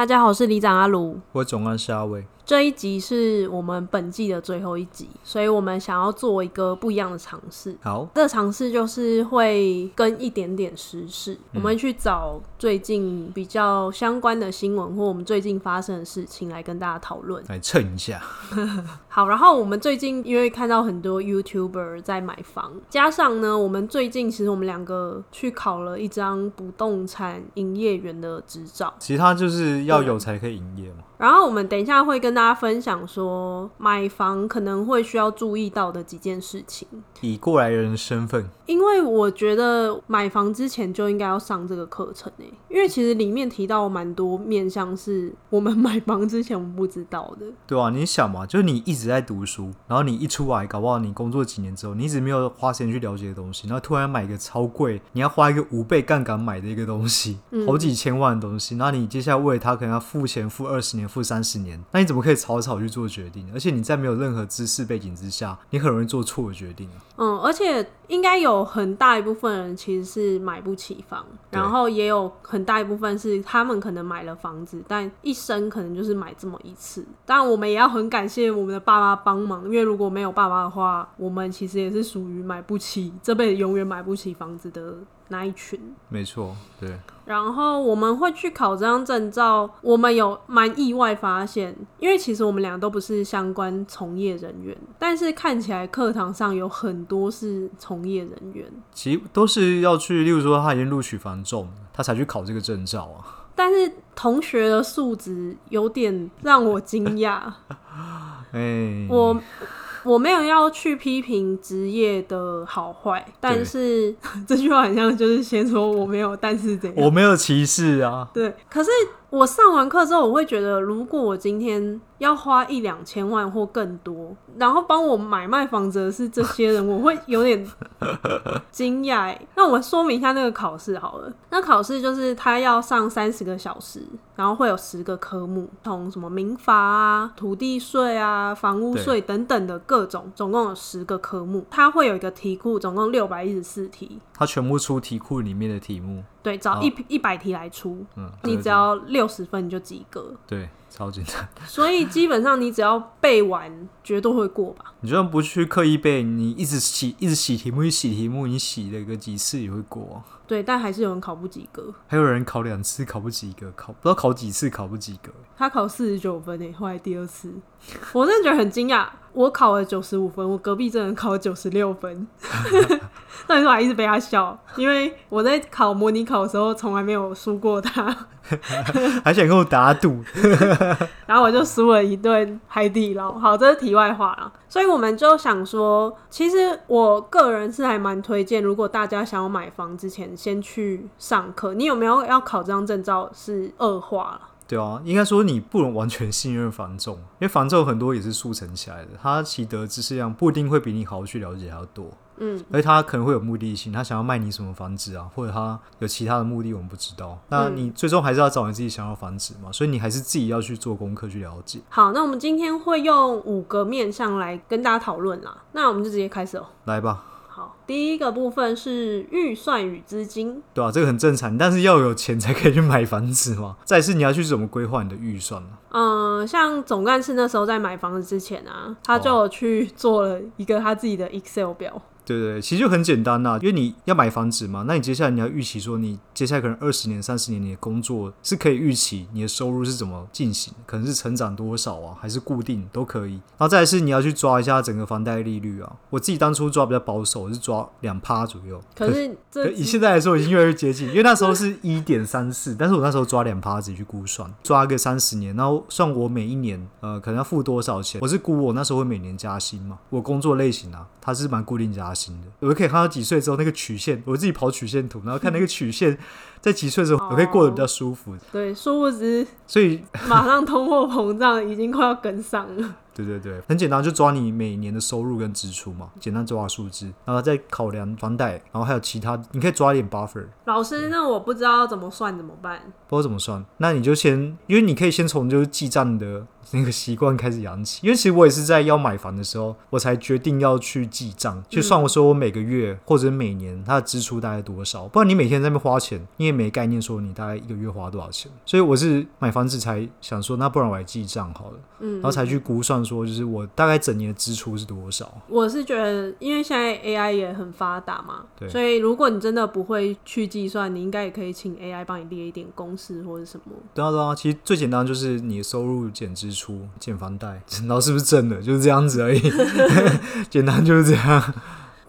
大家好，我是里長阿盧，我總幹事阿偉。這一集是我們本季的最後一集，所以我們想要做一個不一樣的嘗試。好，這個嘗試就是會跟一點點時事，嗯、我們去找最近比較相關的新聞或我們最近發生的事情來跟大家討論，來蹭一下。 好，然後我們最近因為看到很多 YouTuber 在買房，加上呢，我們最近其實我們兩個去考了一張不動產營業員的執照，其他就是要有才可以營業嘛、嗯。然後我們等一下會跟大家大家分享說，買房可能會需要注意到的幾件事情。以過來人的身份，因為我覺得買房之前就應該要上這個課程，欸、因為其實裡面提到蠻多面向是我們買房之前我們不知道的。對啊，你想嘛，就是你一直在讀書，然後你一出來，搞不好你工作幾年之後，你一直沒有花錢去了解的東西，然後突然買一個超貴，你要花一個五倍槓桿買的一個東西，好幾千萬的東西，那你接下來為了他可能要付錢，付二十年，付三十年，那你怎麼可以？草草去做決定，而且你在沒有任何知識背景之下，你很容易做錯的決定。嗯，而且應該有很大一部分人其實是買不起房，對然後也有很大一部分是他們可能買了房子，但一生可能就是買這麼一次。當然，我們也要很感謝我們的爸爸幫忙，因為如果沒有爸爸的話，我們其實也是屬於買不起，這輩子永遠買不起房子的。那一群，沒錯，對。然後我們會去考這張證照，我們有蠻意外發現，因為其實我們倆都不是相關從業人員，但是看起來課堂上有很多是從業人員。其實都是要去，例如說他已經錄取房仲，他才去考這個證照啊。但是同學的素質有點讓我驚訝。 欸、我。 我沒有要去批評職業的好壞，但是對 這句話好像就是先說我沒有，但是怎樣？我沒有歧視啊。對，可是。我上完課之後，我會覺得，如果我今天要花一兩千萬或更多，然後幫我買賣房子的是這些人，我會有點驚訝。 那我說明一下那個考試好了。那考試就是他要上三十個小時，然後會有十個科目，從什麼民法啊、土地稅啊、房屋稅等等的各種，對總共有十個科目。他會有一個題庫，總共六百一十四題。他全部出題庫裡面的題目。對，找一一百、哦、題來出，嗯、你只要六十分你就及格。對，超簡單。所以基本上你只要背完， 絕對會過吧。你就算不去刻意背，你一直洗一直洗題目，去洗題，題目，你洗了個幾次也會過。對，但還是有人考不及格。還有人考兩次考不及格，考不知道考幾次考不及格。他考四十九分呢，後來第二次，我真的覺得很驚訝。 我考了九十五分，我隔壁這人考了九十六分，那 但是我還一直被他笑。因為我在考模擬考的時候從來沒有輸過他， 還想跟我打賭， 然後我就輸了一頓海底撈。好，這是題外話啊，所以我們就想說，其實我個人是還蠻推薦，如果大家想要買房之前先去上課。你有沒有要考這張證照是，是惡化了？對啊，應該說你不能完全信任房仲，因為房仲很多也是速成起來的，他取得知識量不一定會比你好好去了解還要多。嗯，而他可能會有目的性，他想要賣你什麼房子啊，或者他有其他的目的，我們不知道。那你最終還是要找你自己想要房子嘛，嗯、所以你還是自己要去做功課，去了解。好，那我們今天會用五個面向來跟大家討論啦。那我們就直接開始哦，來吧。第一個部分是預算與資金，對啊，這個很正常，但是要有錢才可以去買房子嘛。再是你要去怎麼規劃你的預算啊？嗯，像總幹事那時候在買房子之前啊，他就去做了一個他自己的 Excel 表。哦對對，其實就很簡單啦，因為你要買房子嘛，那你接下來你要預期說，你接下來可能二十年、三十年，你的工作是可以預期你的收入是怎麼進行，可能是成長多少啊，還是固定都可以。然後再來是你要去抓一下整個房貸利率啊。我自己當初抓比較保守，我是抓兩趴左右。可是以現在來說，已經越來越接近，因為那時候是一點三四，但是我那時候抓兩趴，自己去估算，抓個三十年，然後算我每一年呃可能要付多少錢。我是估我那時候會每年加薪嘛，我工作類型啊，它是蠻固定加薪。我可以看到幾歲之後那個曲線，我自己跑曲線圖，然後看那個曲線在幾歲的時候我可以過得比較舒服。Oh, 對，數值，所以馬上通貨膨脹 已經快要跟上了。對對對，很簡單，就抓你每年的收入跟支出嘛，簡單抓數字，然後再考量房貸，然後還有其他，你可以抓一點 buffer。老師，嗯、那我不知道要怎麼算怎麼辦？不知道怎麼算，那你就先，因為你可以先從就是記賬的。那個習慣開始養起，因為其實我也是在要買房的時候，我才決定要去記賬，去算我說我每個月或者每年它的支出大概多少。不然你每天在那邊花錢，因為沒概念說你大概一個月花多少錢。所以我是買房子才想說，那不然我還記賬好了，嗯，然後才去估算說，就是我大概整年的支出是多少。我是覺得，因為現在 AI 也很發達嘛，對，所以如果你真的不會去計算，你應該也可以請 AI 幫你列一點公式或者什麼。對啊對啊，其實最簡單就是你的收入減支出。出建房貸，然後是不是掙了？就是這樣子而已， 簡單就是這樣。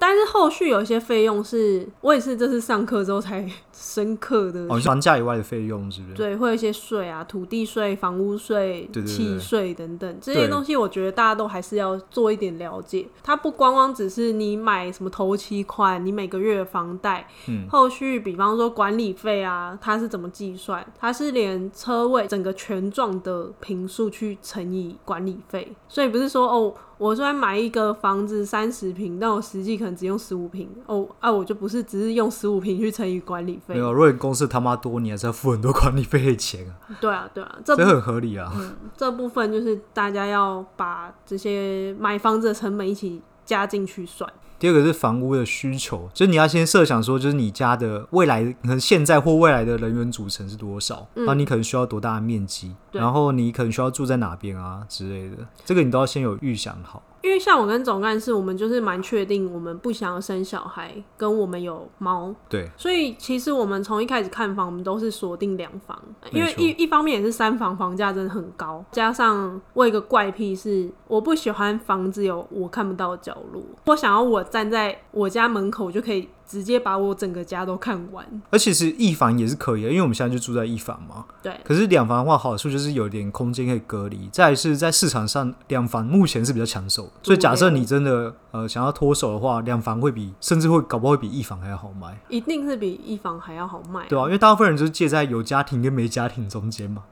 但是後續有一些費用是我也是這次上課之後才深刻的，哦，就是房價以外的費用是不是？對，會有一些稅啊，土地稅、房屋稅、契稅等等這些東西，我覺得大家都還是要做一點了解。對它不光光只是你買什麼頭期款，你每個月房貸，嗯，後續比方說管理費啊，它是怎麼計算？它是連車位整個權狀的坪數去乘以管理費，所以不是說哦。我雖然買一個房子三十坪，但我實際可能只用十五坪。哦，啊，我就不是只是用十五坪去乘以管理費。沒有，如果你公司他媽多，你還是要付很多管理費的錢啊。對啊，對啊，這，這很合理啊，嗯。這部分就是大家要把這些買房子的成本一起加進去算。第二個是房屋的需求，就是你要先設想說，就是你家的未來可能現在或未來的人員組成是多少，嗯、那你可能需要多大的面積，對然後你可能需要住在哪邊啊之類的，這個你都要先有預想好。因為像我跟總幹事，我們就是蠻確定，我們不想要生小孩，跟我們有貓，對，所以其實我們從一開始看房，我們都是鎖定兩房，因為一錯一方面也是三房房價真的很高，加上我一個怪癖是，我不喜歡房子有我看不到的角落，我想要我站在我家門口就可以。直接把我整個家都看完，而且其實一房也是可以的，因為我們現在就住在一房嘛。對。可是兩房的話，好處就是有點空間可以隔離。再是在市場上，兩房目前是比較搶手的，了所以假設你真的呃想要脫手的話，兩房會比甚至會搞不好會比一房還要好賣，一定是比一房還要好賣啊，對啊，因為大部分人就是介在有家庭跟沒家庭中間嘛，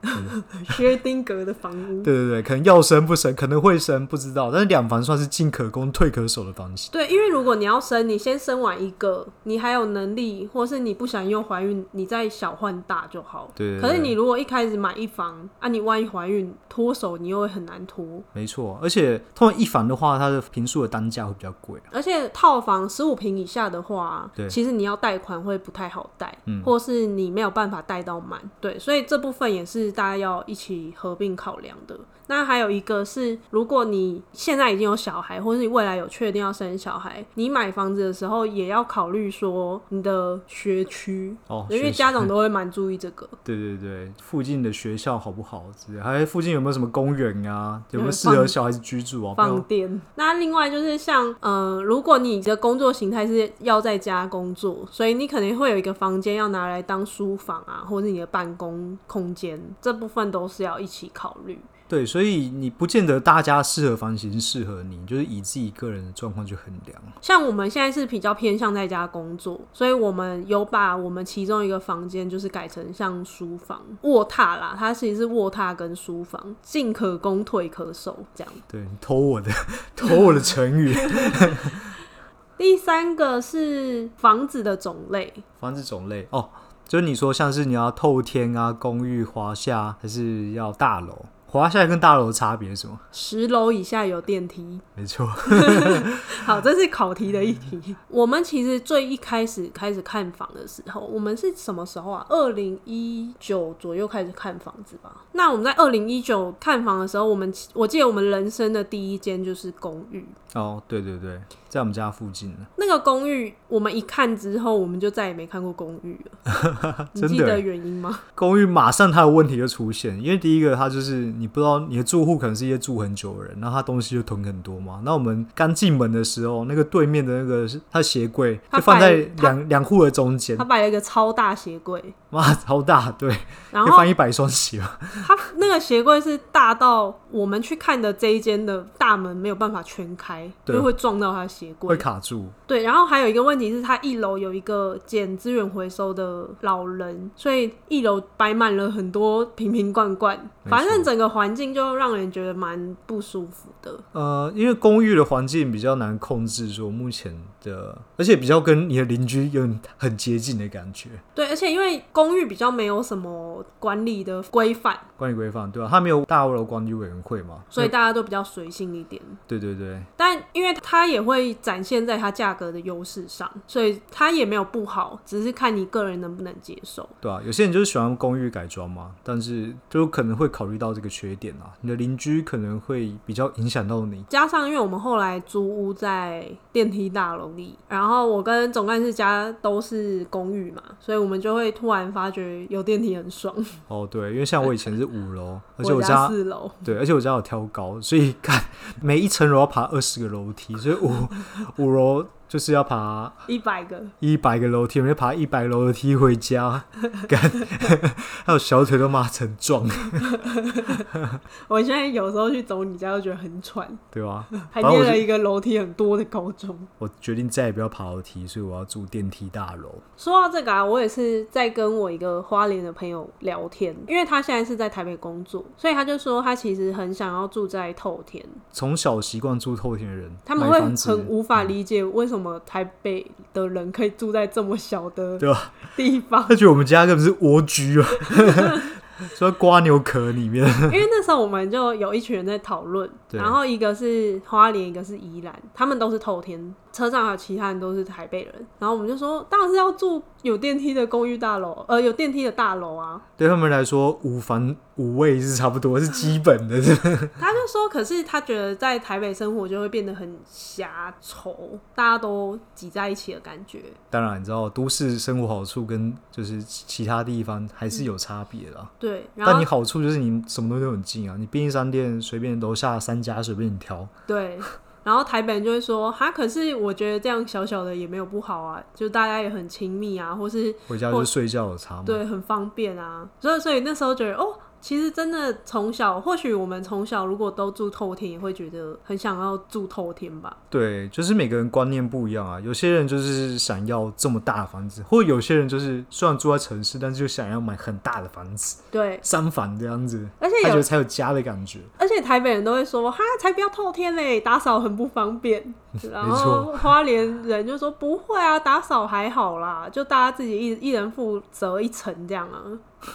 薛丁格的房屋。 對對對，可能要生不生，可能會生不知道，但是兩房算是進可攻退可守的房型。對，因為如果你要生，你先生完一個。你還有能力，或是你不想用懷孕，你再小換大就好。對對對對。可是你如果一開始買一房啊，你萬一懷孕脫手，你又會很難脫。沒錯，而且通常一房的話，它的坪數的單價會比較貴啊。而且套房十五坪以下的話，對其實你要貸款會不太好貸，嗯，或是你沒有辦法貸到滿。對，所以這部分也是大家要一起合併考量的。那還有一個是，如果你現在已經有小孩，或者是你未來有確定要生小孩，你買房子的時候也要考慮說你的學區哦，因為家長都會蠻注意這個。對對對，附近的學校好不好？還附近有沒有什麼公園啊？有沒有適合小孩子居住啊，放電有。那另外就是像呃，如果你的工作型態是要在家工作，所以你可能會有一個房間要拿來當書房啊，或者是你的辦公空間，這部分都是要一起考慮。對，所以你不見得大家適合房型，適合你，就是以自己個人的狀況去衡量。像我們現在是比較偏向在家工作，所以我們有把我們其中一個房間就是改成像書房臥榻啦，它其實是臥榻跟書房，進可攻，退可守這樣。對，你偷我的，偷我的成語。 第三個是房子的種類，房子種類哦，就是你說像是你要透天啊，公寓、華廈還是要大樓？華廈跟大樓的差別是什麼？十樓以下有電梯。沒錯錯， 好，這是考題的一題。我們其實最一開始開始看房的時候，我們是什麼時候啊？二零一九左右開始看房子吧。那我們在二零一九看房的時候，我們我記得我們人生的第一間就是公寓。哦，對對對。在我們家附近那個公寓，我們一看之後，我們就再也沒看過公寓了。 的你記得原因嗎？公寓馬上，它的問題就出現。因為第一個，它就是你不知道你的住戶可能是一些住很久的人，那他東西就囤很多嘛。那我們剛進門的時候，那個對面的那個它他鞋櫃，擺就放在兩兩戶的中間，他擺了一個超大鞋櫃，哇、啊，超大，對，就後放一百雙鞋。他那個鞋櫃是大到我們去看的這一間的大門沒有辦法全開，對就會撞到他鞋。會卡住。對，然後還有一個問題是，它一樓有一個撿資源回收的老人，所以一樓擺滿了很多瓶瓶罐罐，沒錯。反正整個環境就讓人覺得蠻不舒服的。呃，因為公寓的環境比較難控制，說目前的，而且比較跟你的鄰居有很，很接近的感覺。對，而且因為公寓比較沒有什麼管理的規範，管理規範對吧？啊？它沒有大樓管理委員會嘛，所以大家都比較隨性一點。對對對，但因為它也會展現在它價格格的優勢上，所以它也沒有不好，只是看你個人能不能接受。對啊，有些人就是喜歡公寓改裝嘛，但是就可能會考慮到這個缺點啊。你的鄰居可能會比較影響到你。加上，因為我們後來租屋在電梯大樓裡，然後我跟總幹事家都是公寓嘛，所以我們就會突然發覺有電梯很爽。 哦，對，因為像我以前是五樓，而且我家四樓，對，而且我家有挑高，所以每一層樓要爬二十個樓梯，所以五五樓。 就是要爬一百個一百個樓梯，我們就爬一百樓梯回家， 乾 還有小腿都麻成狀 。 我現在有時候去走你家都覺得很喘，對吧、啊？還念了一個樓梯很多的高中我。我決定再也不要爬樓梯，所以我要住電梯大樓。說到這個啊，我也是在跟我一個花蓮的朋友聊天，因為他現在是在台北工作，所以他就說他其實很想要住在透天。從小習慣住透天的人，他們會很無法理解為什麼、嗯。怎麼台北的人可以住在這麼小的地方？他覺得我們家根本是蝸居啊，所以蝸牛殼裡面。因為那時候我們就有一群人在討論，對然後一個是花蓮，一個是宜蘭，他們都是透天。車上還有其他人都是台北人，然後我們就說，當然是要住有電梯的公寓大樓，呃，有電梯的大樓啊。對他們來說，五房五衛是差不多，是基本的。 他就說，可是他覺得在台北生活就會變得很狹丑，大家都擠在一起的感覺。當然，你知道都市生活好處跟就是其他地方還是有差別的。嗯。對，但你好處就是你什麼東西都很近啊，你便利商店隨便樓下三家隨便你挑。對。然後台北人就會說蛤，可是我覺得這樣小小的也沒有不好啊，就大家也很親密啊，或是回家就睡覺有差，對，很方便啊，所以所以那時候覺得哦。其實真的從小，或許我們從小如果都住透天，也會覺得很想要住透天吧？對，就是每個人觀念不一樣啊。有些人就是想要這麼大的房子，或有些人就是雖然住在城市，但是就想要買很大的房子，對，三房這樣子，而且他覺得才有家的感覺。而且台北人都會說：“哈，才不要透天嘞，打掃很不方便。” 然後，花蓮人就說：“ 不會啊，打掃還好啦，就大家自己一一人負責一層這樣啊。 ”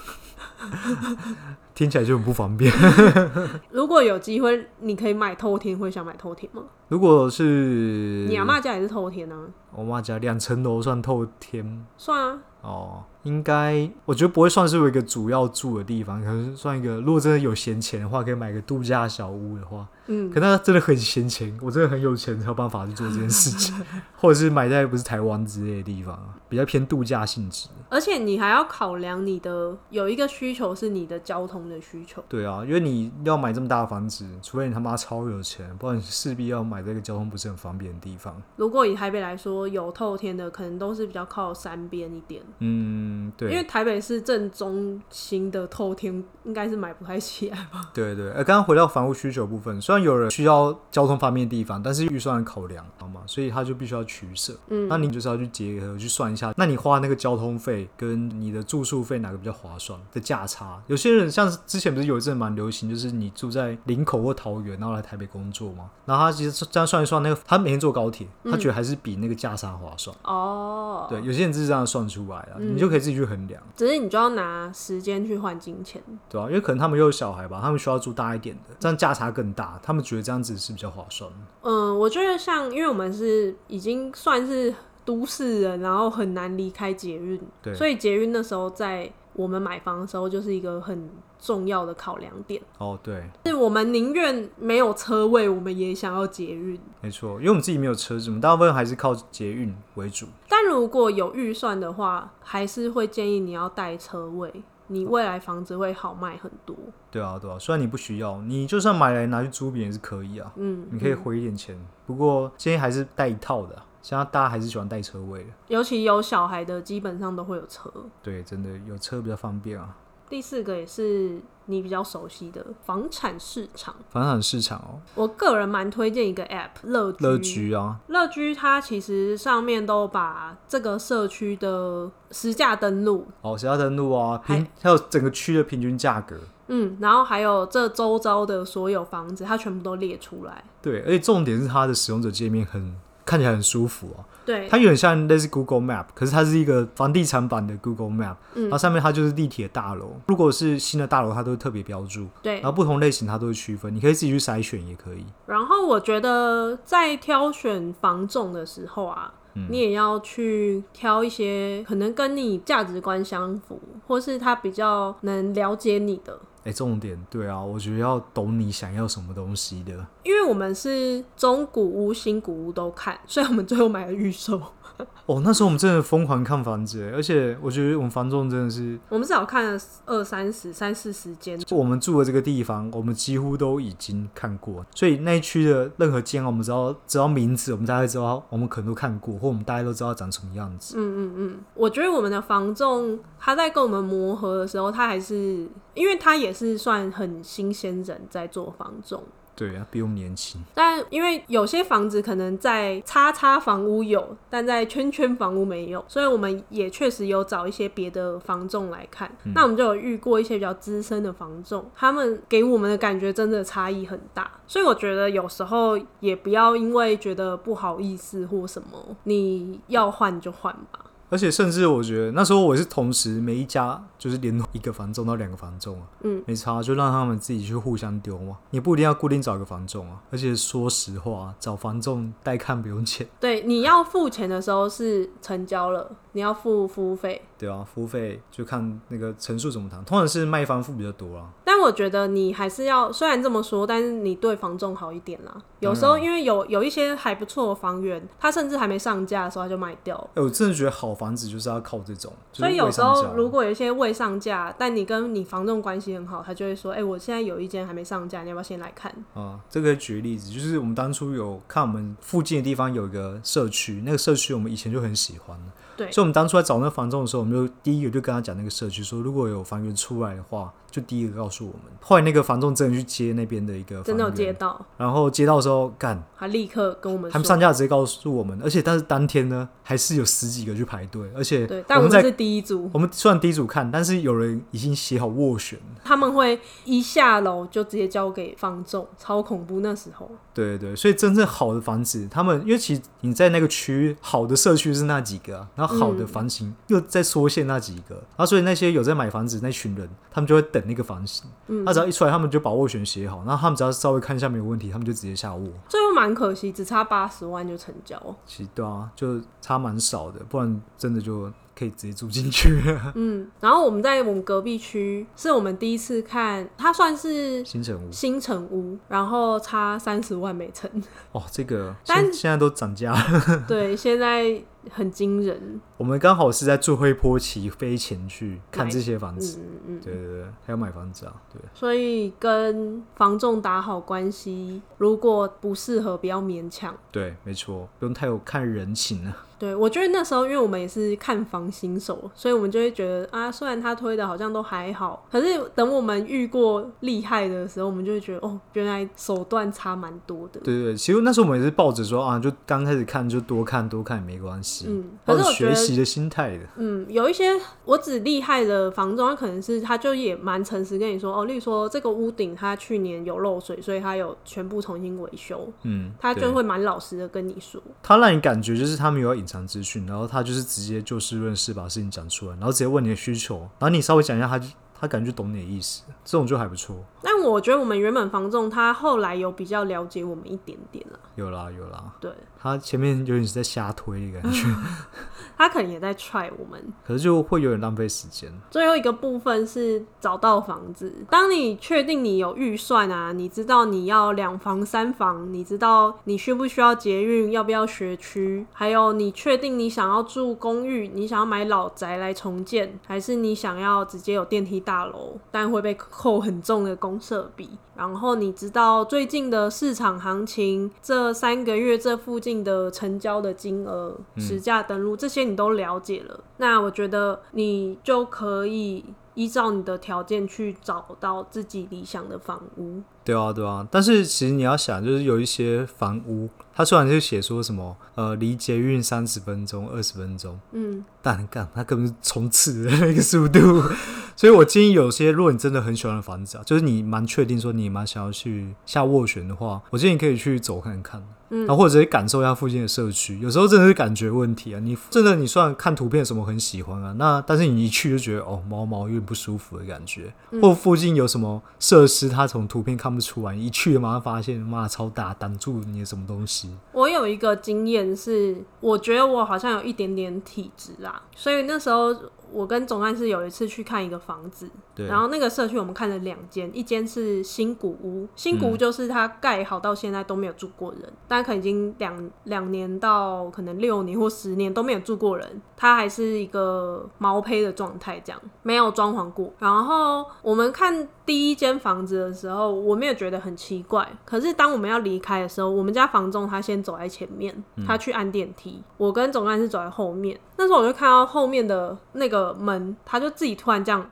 聽起來就很不方便 。如果有機會，你可以買透天，會想買透天嗎？如果是、嗯、你阿媽家也是透天呢、啊。我媽家兩層樓算透天，算啊，哦，應該我覺得不會算是一個主要住的地方，可能算一個。如果真的有閒錢的話，可以買個度假小屋的話，嗯，可那真的很閒錢，我真的很有錢才有辦法去做這件事情， 或者是買在不是台灣之類的地方，比較偏度假性質。而且你還要考量你的有一個需求是你的交通的需求，對啊，因為你要買這麼大的房子，除非你他媽超有錢，不然你勢必要買這個交通不是很方便的地方。如果以台北來說。有透天的，可能都是比較靠山邊一點。嗯，對。因為台北市正中心的透天，應該是買不太起來吧。對，對對，呃，剛剛回到房屋需求部分，雖然有人需要交通方便的地方，但是預算的考量。好嗎？所以他就必須要取捨。嗯，那你就是要去結合去算一下，那你花那個交通費跟你的住宿費哪個比較划算的價差？有些人像之前不是有一陣蠻流行，就是你住在林口或桃園，然後來台北工作嘛，然後他其實這樣算一算，那個他每天坐高鐵，他覺得還是比那個價。非常划算哦，oh, 對，有些人就是這樣算出來的，嗯、你就可以自己去衡量。只是你就要拿時間去換金錢，對吧、啊？因為可能他們又有小孩吧，他們需要住大一點的，這樣價差更大，他們覺得這樣子是比較划算。嗯，我覺得像因為我們是已經算是都市人，然後很難離開捷運，對，所以捷運那時候在我們買房的時候就是一個很重要的考量點哦，對，是我們寧願沒有車位，我們也想要捷運，沒錯，因為我們自己沒有車子，嘛，大部分還是靠捷運為主。但如果有預算的話，還是會建議你要帶車位，你未來房子會好賣很多。對啊，對啊，雖然你不需要，你就算買來拿去租別人是可以啊，嗯，嗯，你可以回一點錢。不過建議還是帶一套的啊。現在大家還是喜歡帶車位的，尤其有小孩的，基本上都會有車。對，真的有車比較方便啊。第四個也是你比較熟悉的房產市場，房產市場哦，我個人蠻推薦一個 App 樂居，樂居啊，樂居它其實上面都把這個社區的實價登錄哦，實價登錄啊，平還，還有整個區的平均價格，嗯，然後還有這周遭的所有房子，它全部都列出來。對，而且重點是它的使用者界面很。看起來很舒服哦、啊，對，它有點像類似 Google Map，可是它是一個房地產版的 Google Map，嗯、然後上面它就是地鐵大樓，如果是新的大樓，它都會特別標注，對，然後不同類型它都會區分，你可以自己去篩選也可以。然後我覺得在挑選房仲的時候啊，嗯、你也要去挑一些可能跟你價值觀相符，或是他比較能了解你的。哎、欸，重點對啊，我覺得要懂你想要什麼東西的。因為我們是中古屋、新古屋都看，所以我們最後買了預售。 哦，那時候我們真的瘋狂看房子耶，而且我覺得我們房仲真的是，我們至少看了二三十、三四十間。就我們住的這個地方，我們幾乎都已經看過，所以那一區的任何間，我們知道，只要名字，我們大概知道，我們可能都看過，或我們大家都知道長什麼樣子。嗯嗯嗯，我覺得我們的房仲他在跟我們磨合的時候，他還是，因為他也是算很新鮮人在做房仲。對啊，他比我們年輕。但因為有些房子可能在叉叉房屋有，但在圈圈房屋沒有，所以我們也確實有找一些別的房仲來看。嗯、那我們就有遇過一些比較資深的房仲，他們給我們的感覺真的差異很大。所以我覺得有時候也不要因為覺得不好意思或什麼，你要換就換吧。而且甚至我覺得那時候我是同時每一家就是連一個房仲到兩個房仲啊，嗯，沒差，就讓他們自己去互相丟嘛，你不一定要固定找一個房仲啊。而且說實話，找房仲帶看不用錢。對，你要付錢的時候是成交了，你要付服務費。對啊，服務費就看那個成數怎麼談，通常是賣方付比較多啦。但我覺得你還是要，雖然這麼說，但是你對房仲好一點啦。有時候因為有有一些還不錯的房源，他甚至還沒上架的時候他就賣掉了。哎、欸，我真的覺得好房子就是要靠這種。就是、所以有時候如果有一些未上架，但你跟你房仲關係很好，他就會說：“哎、欸，我現在有一間還沒上架，你要不要先來看？”啊，這個舉個例子就是我們當初有看我們附近的地方有一個社區，那個社區我們以前就很喜歡。對所以，我們當初來找那個房仲的時候，我們就第一個就跟他講那個社區說，說如果有房源出來的話。就第一個告訴我們，後來那個房仲真的去接那邊的一個房，真的有接到，然後接到的時候干，他立刻跟我們，他們上架直接告訴我們，而且但是當天呢還是有十幾個去排隊，而且對，但我們，在我們是第一組，我們算第一組看，但是有人已經寫好斡旋，他們會一下樓就直接交給房仲，超恐怖那時候，對對、對所以真正好的房子，他們因為其實你在那個區好的社區是那幾個，然後好的房型又在縮限那幾個，然後、嗯啊、所以那些有在買房子那群人，他們就會等。那個房型，他、嗯啊、只要一出來，他們就把斡旋寫好，然後他們只要稍微看一下沒有問題，他們就直接下斡。最後蠻可惜，只差八十萬就成交。其實對啊，就差蠻少的，不然真的就可以直接住進去。嗯，然後我們在我們隔壁區，是我們第一次看，它算是新城屋，新城屋，然後差三十萬每層。哦，這個現但現在都漲價了，對，現在很驚人。我們剛好是在最後一波起飛前去看這些房子，對，嗯嗯、對對對，還要買房子啊，對。所以跟房仲打好關係，如果不適合，不要勉強。對，沒錯，不用太有看人情啊。對，我覺得那時候，因為我們也是看房新手，所以我們就會覺得啊，雖然他推的好像都還好，可是等我們遇過厲害的時候，我們就會覺得哦，原來手段差蠻多的。對，對對，其實那時候我們也是抱着說啊，就剛開始看就多看多看也沒關係，嗯，可是我覺得。的心態的，嗯，有一些我只厲害的房東，他可能是他就也蠻誠實跟你說哦，例如說這個屋頂他去年有漏水，所以他有全部重新維修。嗯，他就會蠻老實的跟你說，他讓你感覺就是他沒有隱藏資訊，然後他就是直接就事論事把事情講出來，然後直接問你的需求，然後你稍微講一下他，他就他感覺就懂你的意思，這種就還不錯。但我覺得我們原本房仲他後來有比較了解我們一點點了啊，有啦有啦，對。他前面有點是在瞎推的感覺， 他可能也在踹我們，可是就會有點浪費時間。最後一個部分是找到房子。當你確定你有預算啊，你知道你要兩房三房，你知道你需不需要捷運，要不要學區，還有你確定你想要住公寓，你想要買老宅來重建，還是你想要直接有電梯大樓，但會被扣很重的公設比。然後你知道最近的市場行情，這三個月這附近的成交的金額、嗯、實價登錄這些你都了解了，那我覺得你就可以。依照你的條件去找到自己理想的房屋，對啊，對啊。但是其實你要想，就是有一些房屋，它雖然就寫說什麼，呃，離捷運三十分鐘、二十分鐘，嗯，但很趕，它根本是衝刺的那個速度。 所以我建議，有些如果你真的很喜歡的房子啊，就是你蠻確定說你蠻想要去下斡旋的話，我建議你可以去走看看。嗯、然後或者感受一下附近的社區，有時候真的是感覺問題啊！你真的你算看圖片什麼很喜歡啊，那但是你一去就覺得哦，毛毛有點不舒服的感覺，嗯、或附近有什麼設施，它從圖片看不出來，一去馬上發現，媽超大擋住你什麼東西。我有一個經驗是，我覺得我好像有一點點體質啦，所以那時候。我跟總幹事有一次去看一個房子，對然後那個社區我們看了兩間，一間是新古屋，新古屋就是它蓋好到現在都沒有住過人，但可能、嗯、已經兩兩年到可能六年或十年都沒有住過人，它還是一個毛坯的狀態，這樣沒有裝潢過。然後我們看第一間房子的時候，我沒有覺得很奇怪，可是當我們要離開的時候，我們家房仲他先走在前面，嗯、他去按電梯，我跟總幹事走在後面，那時候我就看到後面的那個。門，他就自己突然這樣，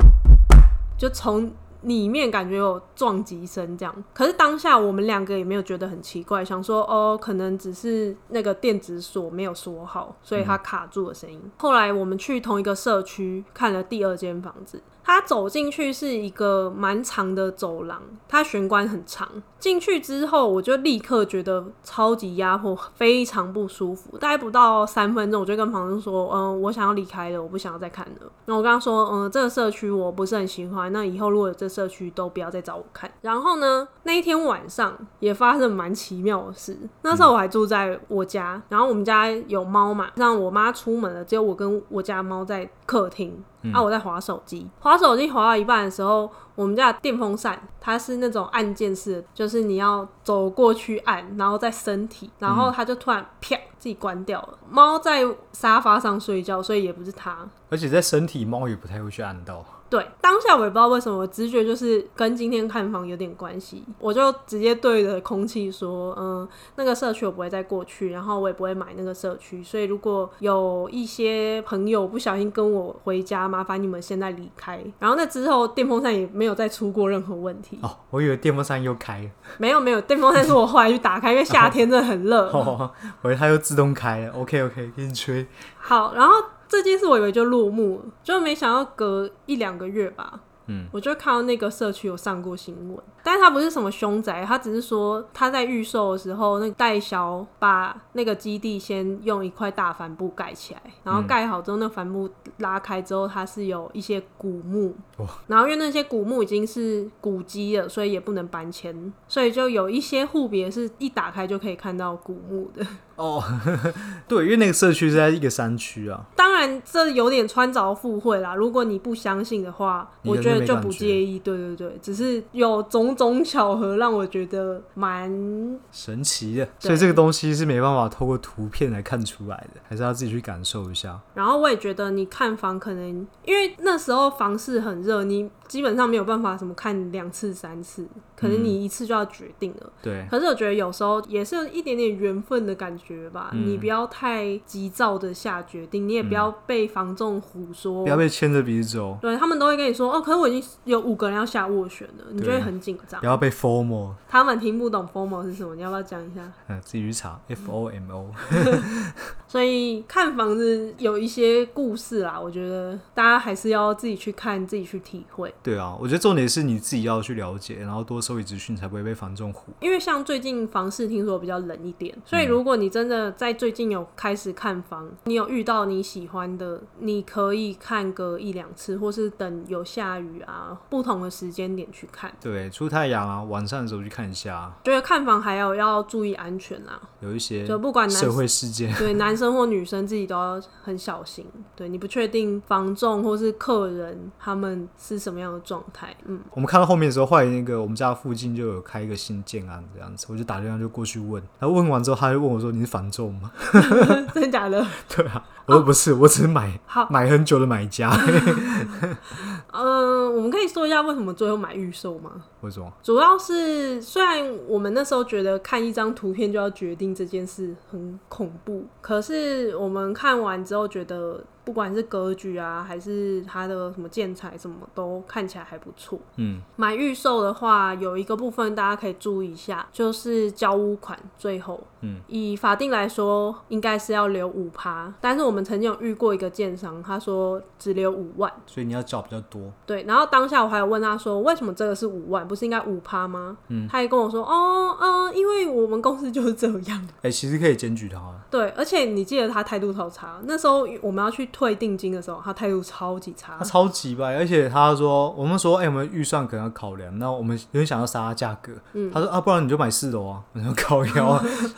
就從裡面感覺有撞擊聲這樣。可是當下我們兩個也沒有覺得很奇怪，想說哦，可能只是那個電子鎖沒有鎖好，所以他卡住了聲音。嗯。後來我們去同一個社區看了第二間房子。他走進去是一個蠻長的走廊，他玄關很長。進去之後，我就立刻覺得超級壓迫，非常不舒服。大概不到三分鐘，我就跟房東說：“嗯，我想要離開了，我不想要再看了。”那我剛剛說：“嗯，這個社區我不是很喜歡。那以後如果有這個社區都不要再找我看。”然後呢，那一天晚上也發生了蠻奇妙的事。那時候我還住在我家，然後我們家有貓嘛，讓我媽出門了，只有我跟我家貓在客廳。啊！我在滑手機，滑手機滑到一半的時候，我們家的電風扇它是那種按鍵式的，就是你要走過去按，然後在身體，然後它就突然啪自己關掉了。貓在沙發上睡覺，所以也不是它。而且在身體，貓也不太會去按到。對，當下我也不知道為什麼，我直覺就是跟今天看房有點關係，我就直接對着空氣說，嗯，那個社區我不會再過去，然後我也不會買那個社區，所以如果有一些朋友不小心跟我回家，麻煩你們現在離開。然後那之後電風扇也沒有再出過任何問題。哦，我以為電風扇又開了。沒有沒有，電風扇是我後來去打開， 因為夏天真的很熱，哦哦哦。我以為它又自動開了 ，OK OK，給你吹。好，然後。這件事我以為就落幕了，就沒想到隔一兩個月吧，嗯，我就看到那個社區有上過新聞。但是他不是什麼凶宅，他只是說他在預售的時候，那個代銷把那個基地先用一塊大帆布蓋起來，然後蓋好之後，嗯、那帆布拉開之後，它是有一些古墓。哇！然後因為那些古墓已經是古蹟了，所以也不能搬遷，所以就有一些戶別是一打開就可以看到古墓的。哦呵呵，對，因為那個社區是在一個山區啊。當然，這有點穿鑿附會啦。如果你不相信的話，我覺得就不介意。對對對，只是有總。種巧合讓我覺得蠻神奇的，對所以這個東西是沒辦法透過圖片來看出來的，還是要自己去感受一下。然後我也覺得你看房可能因為那時候房市很熱，你基本上沒有辦法怎麼看兩次三次，可能你一次就要決定了。對、嗯。可是我覺得有時候也是有一點點緣分的感覺吧，嗯、你不要太急躁的下決定，你也不要被房仲胡說，嗯、不要被牽着鼻子走。對，他們都會跟你說哦，可是我已經有五個人要下斡旋了，你就會很緊然長要被 FOMO。他們聽不懂 FOMO 是什麼，你要不要講一下？嗯，自己去查、嗯、，F O M O。M o，呵呵 所以看房子有一些故事啦，我覺得大家還是要自己去看，自己去體會。對啊，我覺得重點是你自己要去了解，然後多收集資訊，才不會被房仲唬。因為像最近房市聽說比較冷一點，所以如果你真的在最近有開始看房，嗯、你有遇到你喜歡的，你可以看個一兩次，或是等有下雨啊，不同的時間點去看。對，出太陽啊，晚上的時候去看一下。覺得看房還有要注意安全啊，有一些就不管社會事件生， 對，男生或女生自己都要很小心，對，你不確定房仲或是客人他們是什麼樣的狀態。嗯，我們看到後面的時候，壞那個我們家附近就有開一個新建案這樣子，我就打電話就過去問。然後問完之後，他就問我說：“你是房仲嗎？ 真假的？”對啊，我說不是，哦、我只是買好買很久的買家。嗯、 呃，我們可以說一下為什麼最後買預售嗎？為什麼？主要是雖然我們那時候覺得看一張圖片就要決定這件事很恐怖，可是。是我們看完之後覺得。不管是格局啊，還是它的什麼建材什麼都，都看起來還不錯。嗯，買預售的話，有一個部分大家可以注意一下，就是交屋款最後，嗯，以法定來說，應該是要留五趴，但是我們曾經有遇過一個建商，他說只留五萬，所以你要繳比較多。對，然後當下我還有問他說，為什麼這個是五萬，不是應該五趴嗎？嗯，他也跟我說，哦，嗯、呃，因為我們公司就是這樣。哎、欸，其實可以檢舉他、啊。對，而且你記得他態度超差，那時候我們要去。退定金的時候，他態度超級差，他超級壞，而且他說我們說，哎、欸，我們預算可能要考量，那我們有點想要殺價格，嗯、他說啊，不然你就買四樓啊，我就靠腰啊。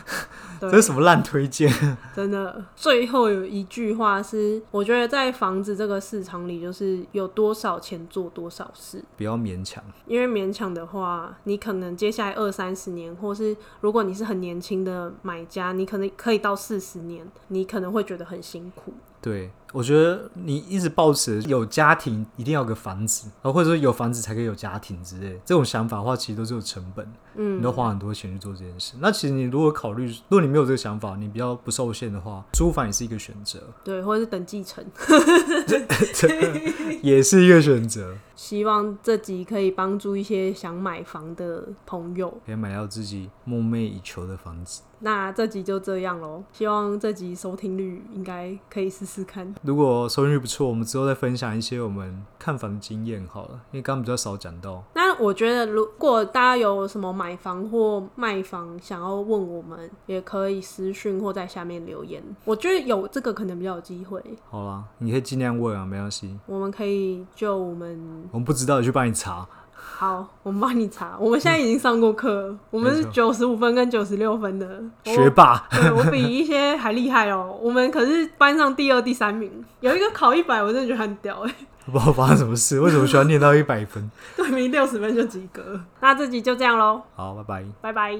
對這是什麼爛推薦？真的，最後有一句話是，我覺得在房子這個市場裡，就是有多少錢做多少事，不要勉強。因為勉強的話，你可能接下來二三十年，或是如果你是很年輕的買家，你可能可以到四十年，你可能會覺得很辛苦。對，我覺得你一直抱持有家庭一定要有個房子，或者說有房子才可以有家庭之類這種想法的話，其實都是有成本。嗯，你都花很多錢去做這件事。嗯，那其實你如果考慮，如果你沒有這個想法，你比較不受限的話，租房也是一個選擇。對，或者是等繼承， 也是一個選擇。希望這集可以幫助一些想買房的朋友，可以買到自己夢寐以求的房子。那這集就這樣嘍。希望這集收聽率應該可以試試看。如果收聽率不錯，我們之後再分享一些我們看房的經驗好了，因為剛剛比較少講到。那我覺得如果大家有什麼。買房或賣房，想要問我們，也可以私訊或在下面留言。我覺得有這個可能比較有機會。好啦，你可以盡量問啊，沒關係。我們可以就我們，我們不知道，去幫你查。好，我們幫你查。我們現在已經上過課，我們是九十五分跟九十六分的學霸。對，我比一些還厲害哦。我們可是班上第二、第三名，有一個考一百，我真的覺得很屌哎、欸。不知道發生什麼事，為什麼需要念到一百分？ 對，明六十分就及格。那這集就這樣嘍。好，拜拜。拜拜，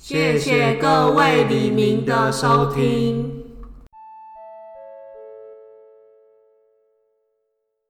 謝謝各位里民的收聽。